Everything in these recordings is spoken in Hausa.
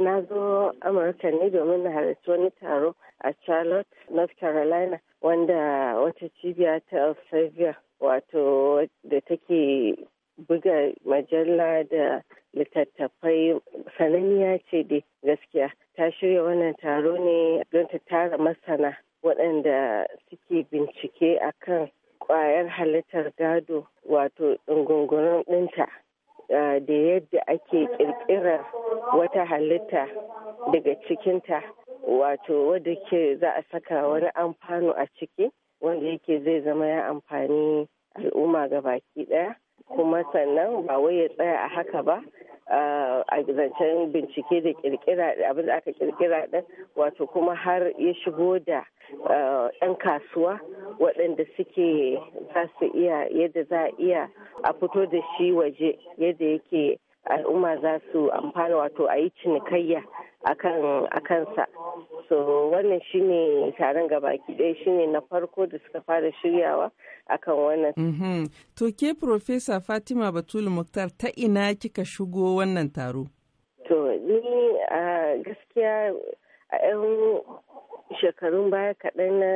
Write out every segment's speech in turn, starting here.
na zo amurka ne domin na halarci wani taro a charlotte north carolina wanda wata cibiya ta elsevier wato da take buga majalla da littattafai sananniya ce da gaskiya ta shirya wannan taro ne don ta tara masana waɗanda suke bincike akan kwayar halittar gado wato ɗungungunan ɗinta Eh, da yadda ake kirkirar wata halitta daga cikinta wato wadda ke za a saka wani amfano a ciki wanda yake zai zama ya amfani al'umma ga baki daya kuma sannan ba wai ya tsaya a haka ba eh, a zancen bincike da kirkira abin da aka kirkira din wato kuma har ya shigo da 'yan eh, kasuwa waɗanda suke za su iya yadda za a iya a fito da shi waje yadda yake al'umma za su amfana wato a yi cinikayya a kansa so wannan shi ne taron gabaki ɗaya ne na farko da suka fara shiryawa a kan wannan mhm. to ke Profesa fatima batul muktar ta ina kika shigo wannan taro to ni a gaskiya a 'yan shekarun baya kaɗan na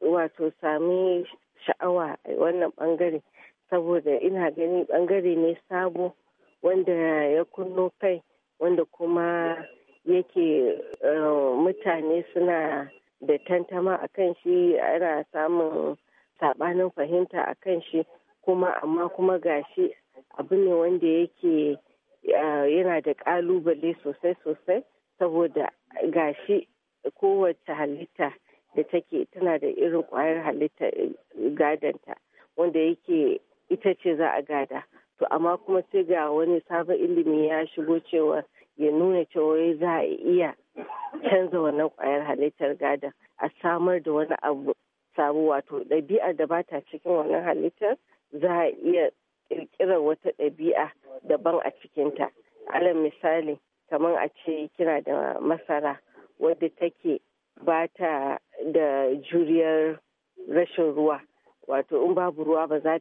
wato sami sha'awa a wannan bangare saboda ina gani bangare ne sabo wanda ya kunno kai wanda kuma yake eh, mutane suna da tantama a kan shi ana samun sabanin fahimta a kan shi kuma amma kuma gashi abu ne wanda yake eh, yana da kalubale sosai sosai saboda gashi kowace halitta da take tana da irin kwayar halitta eh, gadanta wanda yake ita ce za a gada to amma kuma sai ga wani sabon ilimi ya shigo cewa ya nuna cewa za a iya canza wannan kwayar halittar gada a samar da wani abu sabo wato ɗabi'a da ba ta cikin wannan halittar za a iya ƙirƙirar wata ɗabi'a daban a cikinta alal misali kamar a ce kina da masara wadda take ba ta da juriyar rashin ruwa wato in babu ruwa ba za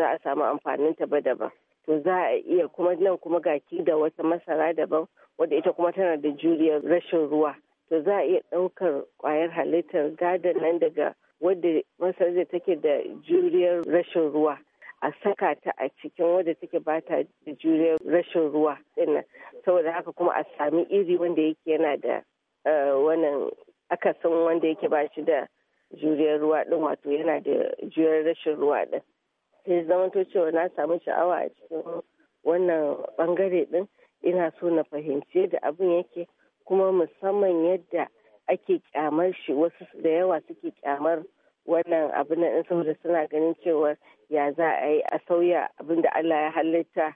a samu amfanin ta ba daban to za a iya kuma nan kuma gaki da wata masara daban wadda ita kuma tana da juriyar rashin ruwa to za a iya ɗaukar kwayar halittar gadon nan daga wadda masarar da take da juriyar rashin ruwa a saka ta a cikin wadda take ta da juriyar rashin ruwa saboda haka kuma a sami iri wanda yake yana da eh, wannan akasin wanda yake ba shi da juriyar ruwa din wato yana da juriyar rashin ruwa din sai zamanto cewa na samu sha'awa a cikin wannan bangare din ina so na fahimci yadda abin yake kuma musamman yadda ake kyamar shi wasu da yawa suke kyamar wannan abin nan saboda suna ganin cewa ya za a yi a sauya abin da Allah ya halitta